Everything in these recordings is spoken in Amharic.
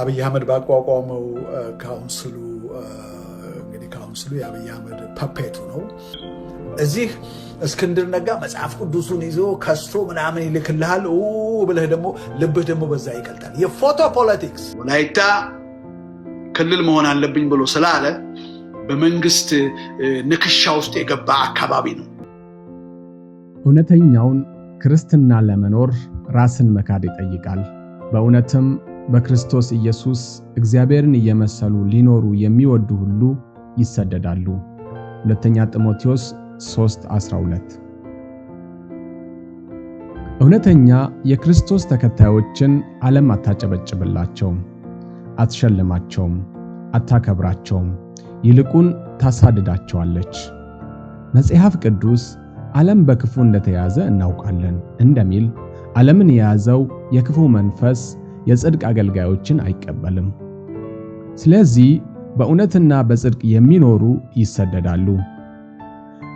አብይ አህመድ ባቋቋመው ካውንስሉ እንግዲህ ካውንስሉ የአብይ አህመድ ፐፔቱ ነው። እዚህ እስክንድር ነጋ መጽሐፍ ቅዱሱን ይዞ ከሶ ምናምን ይልክልሃል ብለህ ደግሞ ልብህ ደግሞ በዛ ይቀልጣል። የፎቶ ፖለቲክስ ወላይታ ክልል መሆን አለብኝ ብሎ ስላለ በመንግስት ንክሻ ውስጥ የገባ አካባቢ ነው። እውነተኛውን ክርስትና ለመኖር ራስን መካድ ይጠይቃል። በእውነትም በክርስቶስ ኢየሱስ እግዚአብሔርን እየመሰሉ ሊኖሩ የሚወዱ ሁሉ ይሰደዳሉ። ሁለተኛ ጢሞቴዎስ 3:12 እውነተኛ የክርስቶስ ተከታዮችን ዓለም አታጨበጭብላቸውም፣ አትሸልማቸውም፣ አታከብራቸውም፣ ይልቁን ታሳድዳቸዋለች። መጽሐፍ ቅዱስ ዓለም በክፉ እንደተያዘ እናውቃለን እንደሚል ዓለምን የያዘው የክፉ መንፈስ የጽድቅ አገልጋዮችን አይቀበልም። ስለዚህ በእውነትና በጽድቅ የሚኖሩ ይሰደዳሉ።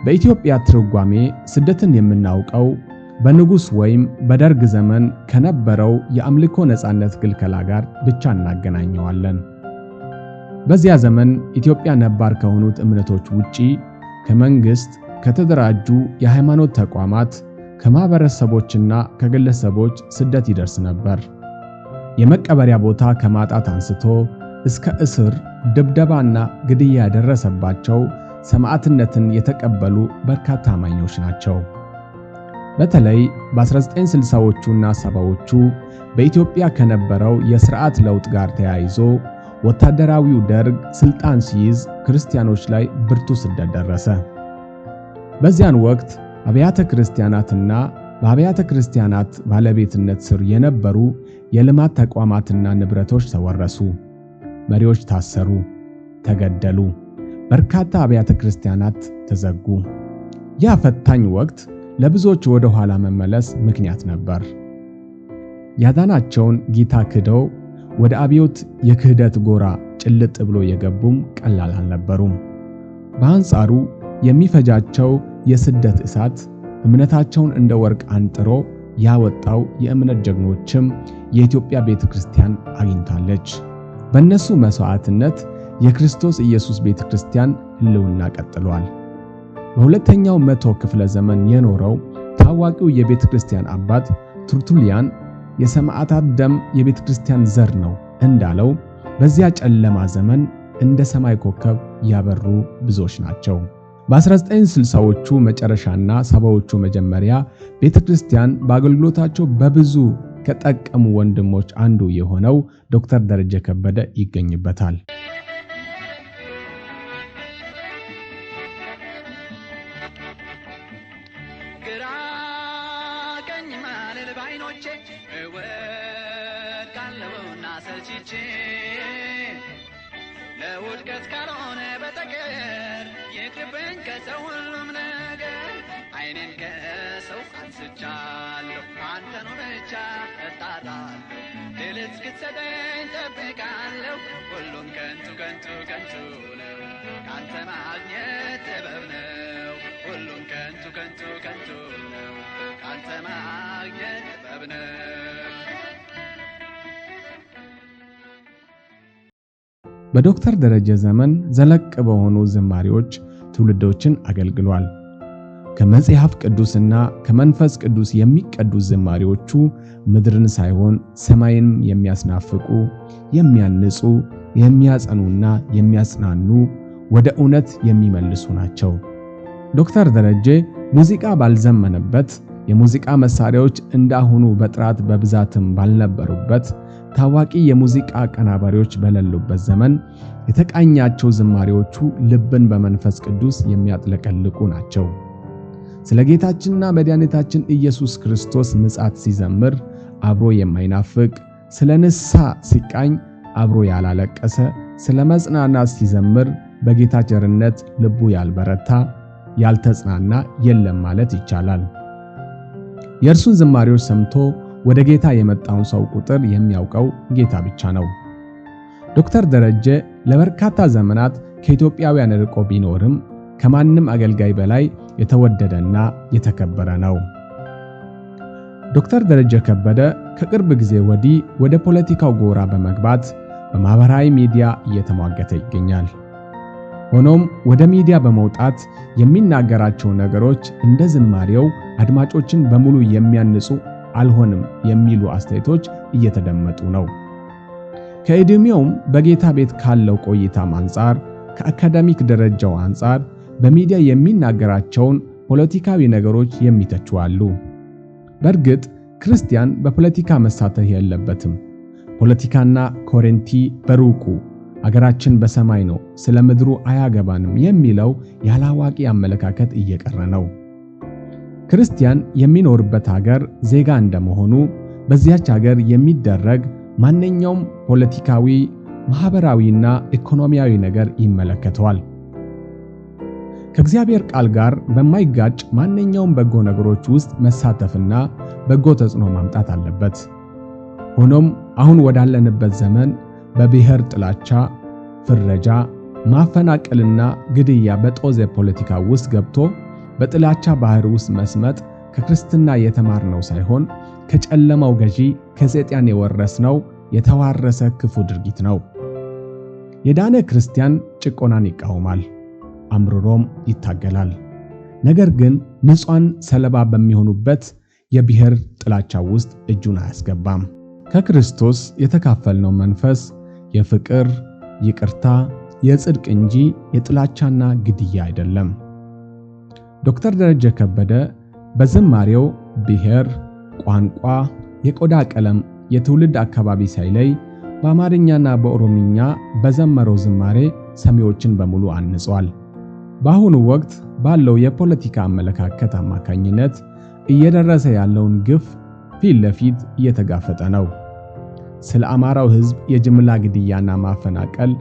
በኢትዮጵያ ትርጓሜ ስደትን የምናውቀው በንጉሥ ወይም በደርግ ዘመን ከነበረው የአምልኮ ነፃነት ክልከላ ጋር ብቻ እናገናኘዋለን። በዚያ ዘመን ኢትዮጵያ ነባር ከሆኑት እምነቶች ውጪ ከመንግስት፣ ከተደራጁ የሃይማኖት ተቋማት፣ ከማህበረሰቦችና ከግለሰቦች ስደት ይደርስ ነበር። የመቀበሪያ ቦታ ከማጣት አንስቶ እስከ እስር፣ ድብደባና ግድያ ያደረሰባቸው ሰማዕትነትን የተቀበሉ በርካታ አማኞች ናቸው። በተለይ በ1960ዎቹና ሰባዎቹ በኢትዮጵያ ከነበረው የሥርዓት ለውጥ ጋር ተያይዞ ወታደራዊው ደርግ ሥልጣን ሲይዝ ክርስቲያኖች ላይ ብርቱ ስደት ደረሰ። በዚያን ወቅት አብያተ ክርስቲያናትና በአብያተ ክርስቲያናት ባለቤትነት ስር የነበሩ የልማት ተቋማትና ንብረቶች ተወረሱ። መሪዎች ታሰሩ፣ ተገደሉ። በርካታ አብያተ ክርስቲያናት ተዘጉ። ያ ፈታኝ ወቅት ለብዙዎች ወደ ኋላ መመለስ ምክንያት ነበር። ያዳናቸውን ጌታ ክደው ወደ አብዮት የክህደት ጎራ ጭልጥ ብሎ የገቡም ቀላል አልነበሩም። በአንጻሩ የሚፈጃቸው የስደት እሳት እምነታቸውን እንደ ወርቅ አንጥሮ ያወጣው የእምነት ጀግኖችም የኢትዮጵያ ቤተ ክርስቲያን አግኝታለች። በእነሱ መሥዋዕትነት የክርስቶስ ኢየሱስ ቤተ ክርስቲያን ሕልውና ቀጥሏል። በሁለተኛው መቶ ክፍለ ዘመን የኖረው ታዋቂው የቤተ ክርስቲያን አባት ቱርቱሊያን የሰማዕታት ደም የቤተ ክርስቲያን ዘር ነው እንዳለው በዚያ ጨለማ ዘመን እንደ ሰማይ ኮከብ ያበሩ ብዙዎች ናቸው። በ1960ዎቹ መጨረሻና ሰባዎቹ መጀመሪያ ቤተክርስቲያን በአገልግሎታቸው በብዙ ከጠቀሙ ወንድሞች አንዱ የሆነው ዶክተር ደረጀ ከበደ ይገኝበታል። ግራ ሰልችቼ ከውድቀት ካልሆነ በጠቀር ይቅርብኝ ከሰው ሁሉም ነገር አይኔን ከሰው አንስቻለሁ አንተኑ ብቻ እጣጣለሁ ድል እስክትሰጠኝ ጠብቃለሁ ሁሉም ከንቱ ከንቱ ከንቱ ነው ካንተ ማግኘት ጥበብ ነው ሁሉም ከንቱ ከንቱ ከንቱ ነው ካንተ ማግኘት ጥበብ ነው በዶክተር ደረጀ ዘመን ዘለቅ በሆኑ ዝማሬዎች ትውልዶችን አገልግሏል። ከመጽሐፍ ቅዱስና ከመንፈስ ቅዱስ የሚቀዱ ዝማሬዎቹ ምድርን ሳይሆን ሰማይንም የሚያስናፍቁ፣ የሚያንጹ፣ የሚያጸኑና የሚያጽናኑ ወደ እውነት የሚመልሱ ናቸው። ዶክተር ደረጀ ሙዚቃ ባልዘመነበት የሙዚቃ መሳሪያዎች እንዳሁኑ በጥራት በብዛትም ባልነበሩበት ታዋቂ የሙዚቃ አቀናባሪዎች በሌሉበት ዘመን የተቃኛቸው ዝማሬዎቹ ልብን በመንፈስ ቅዱስ የሚያጥለቀልቁ ናቸው። ስለ ጌታችንና መድኃኒታችን ኢየሱስ ክርስቶስ ምጻት ሲዘምር አብሮ የማይናፍቅ፣ ስለ ንስሐ ሲቃኝ አብሮ ያላለቀሰ፣ ስለ መጽናናት ሲዘምር በጌታ ቸርነት ልቡ ያልበረታ ያልተጽናና የለም ማለት ይቻላል። የእርሱን ዝማሬዎች ሰምቶ ወደ ጌታ የመጣውን ሰው ቁጥር የሚያውቀው ጌታ ብቻ ነው። ዶክተር ደረጀ ለበርካታ ዘመናት ከኢትዮጵያውያን ርቆ ቢኖርም ከማንም አገልጋይ በላይ የተወደደና የተከበረ ነው። ዶክተር ደረጀ ከበደ ከቅርብ ጊዜ ወዲህ ወደ ፖለቲካው ጎራ በመግባት በማህበራዊ ሚዲያ እየተሟገተ ይገኛል። ሆኖም ወደ ሚዲያ በመውጣት የሚናገራቸው ነገሮች እንደ ዝማሬው አድማጮችን በሙሉ የሚያንጹ አልሆንም የሚሉ አስተያየቶች እየተደመጡ ነው። ከእድሜውም በጌታ ቤት ካለው ቆይታም አንጻር ከአካዳሚክ ደረጃው አንጻር በሚዲያ የሚናገራቸውን ፖለቲካዊ ነገሮች የሚተቹ አሉ። በእርግጥ ክርስቲያን በፖለቲካ መሳተፍ የለበትም። ፖለቲካና ኮረንቲ በሩቁ አገራችን በሰማይ ነው፣ ስለ ምድሩ አያገባንም የሚለው ያላዋቂ አመለካከት እየቀረ ነው። ክርስቲያን የሚኖርበት ሀገር ዜጋ እንደመሆኑ በዚያች ሀገር የሚደረግ ማንኛውም ፖለቲካዊ፣ ማህበራዊና ኢኮኖሚያዊ ነገር ይመለከተዋል። ከእግዚአብሔር ቃል ጋር በማይጋጭ ማንኛውም በጎ ነገሮች ውስጥ መሳተፍና በጎ ተጽዕኖ ማምጣት አለበት። ሆኖም አሁን ወዳለንበት ዘመን በብሔር ጥላቻ፣ ፍረጃ፣ ማፈናቀልና ግድያ በጦዘ ፖለቲካ ውስጥ ገብቶ በጥላቻ ባህር ውስጥ መስመጥ ከክርስትና የተማርነው ሳይሆን ከጨለማው ገዢ ከሰይጣን የወረስነው የተዋረሰ ክፉ ድርጊት ነው። የዳነ ክርስቲያን ጭቆናን ይቃወማል፣ አምርሮም ይታገላል። ነገር ግን ንጹሐን ሰለባ በሚሆኑበት የብሔር ጥላቻ ውስጥ እጁን አያስገባም። ከክርስቶስ የተካፈልነው መንፈስ የፍቅር፣ ይቅርታ፣ የጽድቅ እንጂ የጥላቻና ግድያ አይደለም። ዶክተር ደረጀ ከበደ በዝማሬው ብሔር፣ ቋንቋ፣ የቆዳ ቀለም፣ የትውልድ አካባቢ ሳይለይ በአማርኛና በኦሮምኛ በዘመረው ዝማሬ ሰሚዎችን በሙሉ አንጿል። በአሁኑ ወቅት ባለው የፖለቲካ አመለካከት አማካኝነት እየደረሰ ያለውን ግፍ ፊት ለፊት እየተጋፈጠ ነው። ስለ አማራው ሕዝብ የጅምላ ግድያና ማፈናቀል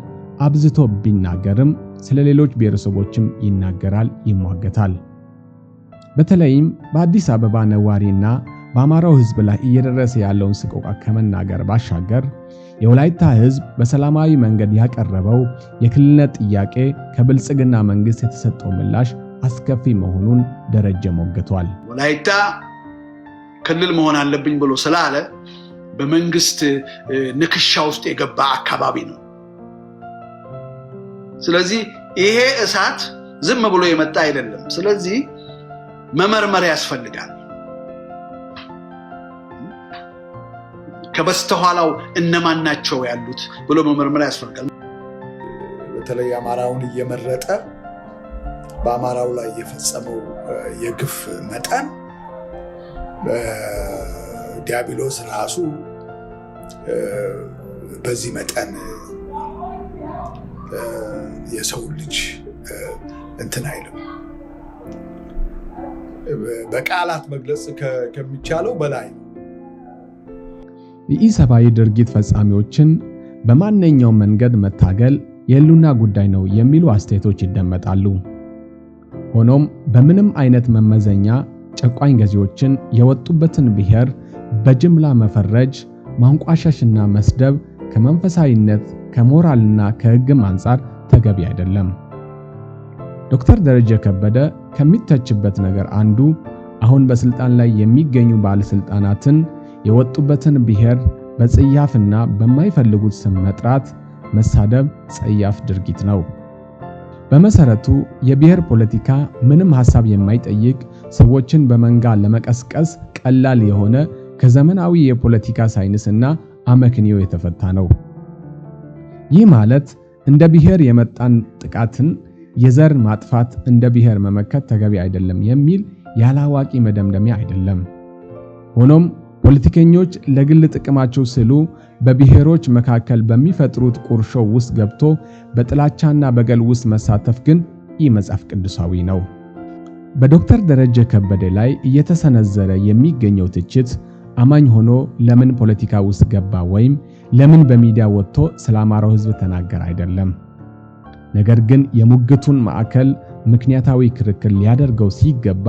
አብዝቶ ቢናገርም ስለ ሌሎች ብሔረሰቦችም ይናገራል፣ ይሟገታል። በተለይም በአዲስ አበባ ነዋሪና በአማራው ሕዝብ ላይ እየደረሰ ያለውን ስቆቃ ከመናገር ባሻገር የወላይታ ሕዝብ በሰላማዊ መንገድ ያቀረበው የክልልነት ጥያቄ ከብልጽግና መንግስት የተሰጠው ምላሽ አስከፊ መሆኑን ደረጀ ሞግቷል። ወላይታ ክልል መሆን አለብኝ ብሎ ስላለ በመንግስት ንክሻ ውስጥ የገባ አካባቢ ነው። ስለዚህ ይሄ እሳት ዝም ብሎ የመጣ አይደለም። ስለዚህ መመርመር ያስፈልጋል። ከበስተኋላው እነማን ናቸው ያሉት ብሎ መመርመር ያስፈልጋል። በተለይ አማራውን እየመረጠ በአማራው ላይ የፈጸመው የግፍ መጠን ዲያብሎስ ራሱ በዚህ መጠን የሰው ልጅ እንትን አይልም። በቃላት መግለጽ ከሚቻለው በላይ የኢሰብአዊ ድርጊት ፈጻሚዎችን በማንኛውም መንገድ መታገል የህልውና ጉዳይ ነው የሚሉ አስተያየቶች ይደመጣሉ። ሆኖም በምንም አይነት መመዘኛ ጨቋኝ ገዢዎችን የወጡበትን ብሔር በጅምላ መፈረጅ፣ ማንቋሻሽና መስደብ ከመንፈሳዊነት ከሞራልና ከሕግም አንጻር ተገቢ አይደለም። ዶክተር ደረጀ ከበደ ከሚተችበት ነገር አንዱ አሁን በስልጣን ላይ የሚገኙ ባለስልጣናትን የወጡበትን ብሔር በጽያፍና በማይፈልጉት ስም መጥራት፣ መሳደብ ጸያፍ ድርጊት ነው። በመሰረቱ የብሔር ፖለቲካ ምንም ሐሳብ የማይጠይቅ ሰዎችን በመንጋ ለመቀስቀስ ቀላል የሆነ ከዘመናዊ የፖለቲካ ሳይንስ እና አመክንዮ የተፈታ ነው። ይህ ማለት እንደ ብሔር የመጣን ጥቃትን የዘር ማጥፋት እንደ ብሔር መመከት ተገቢ አይደለም የሚል ያላዋቂ መደምደሚያ አይደለም። ሆኖም ፖለቲከኞች ለግል ጥቅማቸው ስሉ በብሔሮች መካከል በሚፈጥሩት ቁርሾ ውስጥ ገብቶ በጥላቻና በገል ውስጥ መሳተፍ ግን ይህ መጽሐፍ ቅዱሳዊ ነው። በዶክተር ደረጀ ከበደ ላይ እየተሰነዘረ የሚገኘው ትችት አማኝ ሆኖ ለምን ፖለቲካ ውስጥ ገባ ወይም ለምን በሚዲያ ወጥቶ ስለ አማራው ተናገር አይደለም። ነገር ግን የሙግቱን ማዕከል ምክንያታዊ ክርክር ሊያደርገው ሲገባ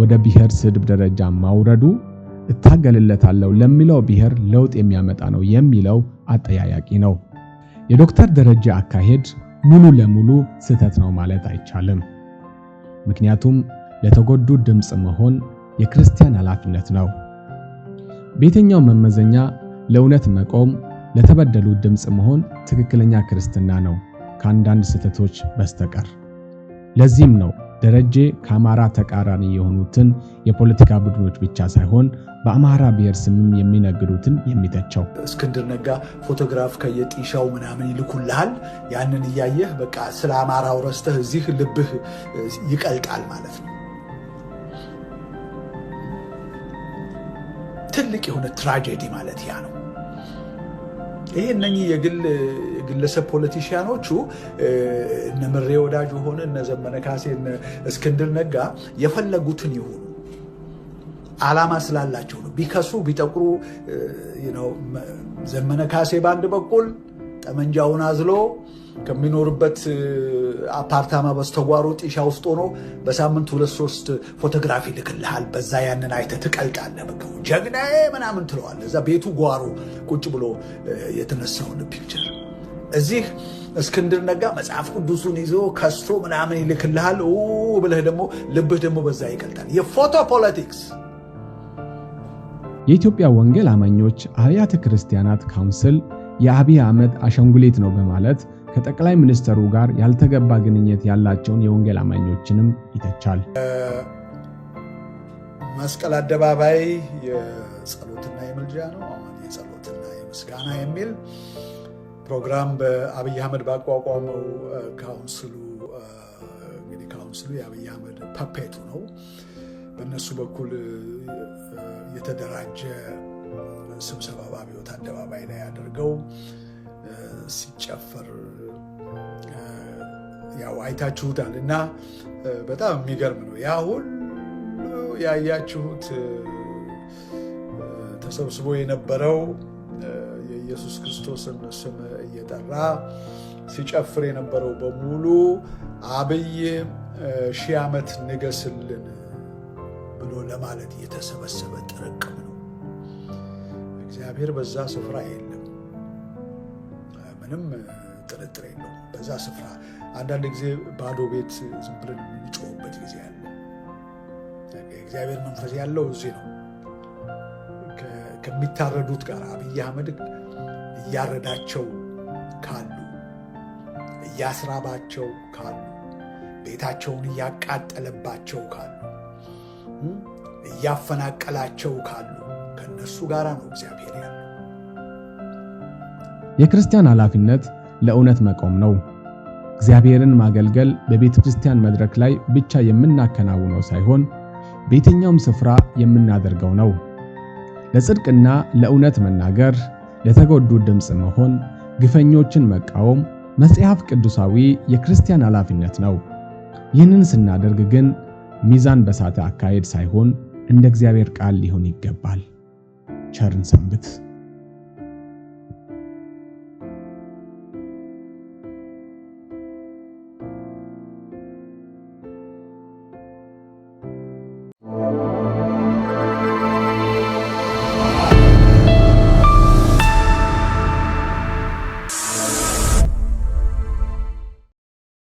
ወደ ብሔር ስድብ ደረጃ ማውረዱ እታገልለታለሁ ለሚለው ብሔር ለውጥ የሚያመጣ ነው የሚለው አጠያያቂ ነው። የዶክተር ደረጀ አካሄድ ሙሉ ለሙሉ ስህተት ነው ማለት አይቻልም። ምክንያቱም ለተጎዱ ድምፅ መሆን የክርስቲያን ኃላፊነት ነው። በየትኛው መመዘኛ ለእውነት መቆም፣ ለተበደሉት ድምፅ መሆን ትክክለኛ ክርስትና ነው ከአንዳንድ ስህተቶች በስተቀር። ለዚህም ነው ደረጀ ከአማራ ተቃራኒ የሆኑትን የፖለቲካ ቡድኖች ብቻ ሳይሆን በአማራ ብሔር ስምም የሚነግዱትን የሚተቸው። እስክንድር ነጋ ፎቶግራፍ ከየጢሻው ምናምን ይልኩልሃል። ያንን እያየህ በቃ ስለ አማራው ረስተህ እዚህ ልብህ ይቀልጣል ማለት ነው። ትልቅ የሆነ ትራጀዲ ማለት ያ ነው። ይሄ እነኚህ የግለሰብ ፖለቲሽያኖቹ እነ ምሬ ወዳጁ ሆነ እነ ዘመነ ካሴ፣ እስክንድር ነጋ የፈለጉትን ይሁኑ አላማ ስላላቸው ነው። ቢከሱ ቢጠቁሩ ዘመነ ካሴ በአንድ በኩል ጠመንጃውን አዝሎ ከሚኖርበት አፓርታማ በስተጓሮ ጢሻ ውስጥ ሆኖ በሳምንት ሁለት ሶስት ፎቶግራፊ ልክልሃል። በዛ ያንን አይተህ ትቀልጣለህ። በቃ ጀግናዬ ምናምን ትለዋለህ። እዛ ቤቱ ጓሮ ቁጭ ብሎ የተነሳውን ፒክቸር እዚህ እስክንድር ነጋ መጽሐፍ ቅዱሱን ይዞ ከሶ ምናምን ይልክልሃል። ብለህ ደግሞ ልብህ ደግሞ በዛ ይቀልጣል። የፎቶ ፖለቲክስ የኢትዮጵያ ወንጌል አማኞች አብያተ ክርስቲያናት ካውንስል የአብይ አህመድ አሻንጉሊት ነው በማለት ከጠቅላይ ሚኒስትሩ ጋር ያልተገባ ግንኙነት ያላቸውን የወንጌል አማኞችንም ይተቻል። መስቀል አደባባይ የጸሎትና የምልጃ ነው፣ አሁን የጸሎትና የምስጋና የሚል ፕሮግራም በአብይ አህመድ ባቋቋመው ካውንስሉ እንግዲህ ካውንስሉ የአብይ አህመድ ፐፔቱ ነው። በእነሱ በኩል የተደራጀ ስብሰባ በአብዮት አደባባይ ላይ አድርገው ሲጨፈር ያው አይታችሁታል እና በጣም የሚገርም ነው። ያ ሁሉ ያያችሁት ተሰብስቦ የነበረው የኢየሱስ ክርስቶስን ስም እየጠራ ሲጨፍር የነበረው በሙሉ አብይ ሺህ ዓመት ንገስልን ብሎ ለማለት የተሰበሰበ ጥርቅም እግዚአብሔር በዛ ስፍራ የለም፣ ምንም ጥርጥር የለው በዛ ስፍራ አንዳንድ ጊዜ ባዶ ቤት ዝም ብለን የሚጮህበት ጊዜ አለ። እግዚአብሔር መንፈስ ያለው እዚህ ነው። ከሚታረዱት ጋር አብይ አህመድ እያረዳቸው ካሉ እያስራባቸው ካሉ ቤታቸውን እያቃጠለባቸው ካሉ እያፈናቀላቸው ካሉ ከእነሱ ጋር ነው እግዚአብሔር ያለው። የክርስቲያን ኃላፊነት ለእውነት መቆም ነው። እግዚአብሔርን ማገልገል በቤተ ክርስቲያን መድረክ ላይ ብቻ የምናከናውነው ሳይሆን በየትኛውም ስፍራ የምናደርገው ነው። ለጽድቅና ለእውነት መናገር፣ ለተጎዱ ድምፅ መሆን፣ ግፈኞችን መቃወም መጽሐፍ ቅዱሳዊ የክርስቲያን ኃላፊነት ነው። ይህንን ስናደርግ ግን ሚዛን በሳተ አካሄድ ሳይሆን እንደ እግዚአብሔር ቃል ሊሆን ይገባል። ቸርን ሰንብት።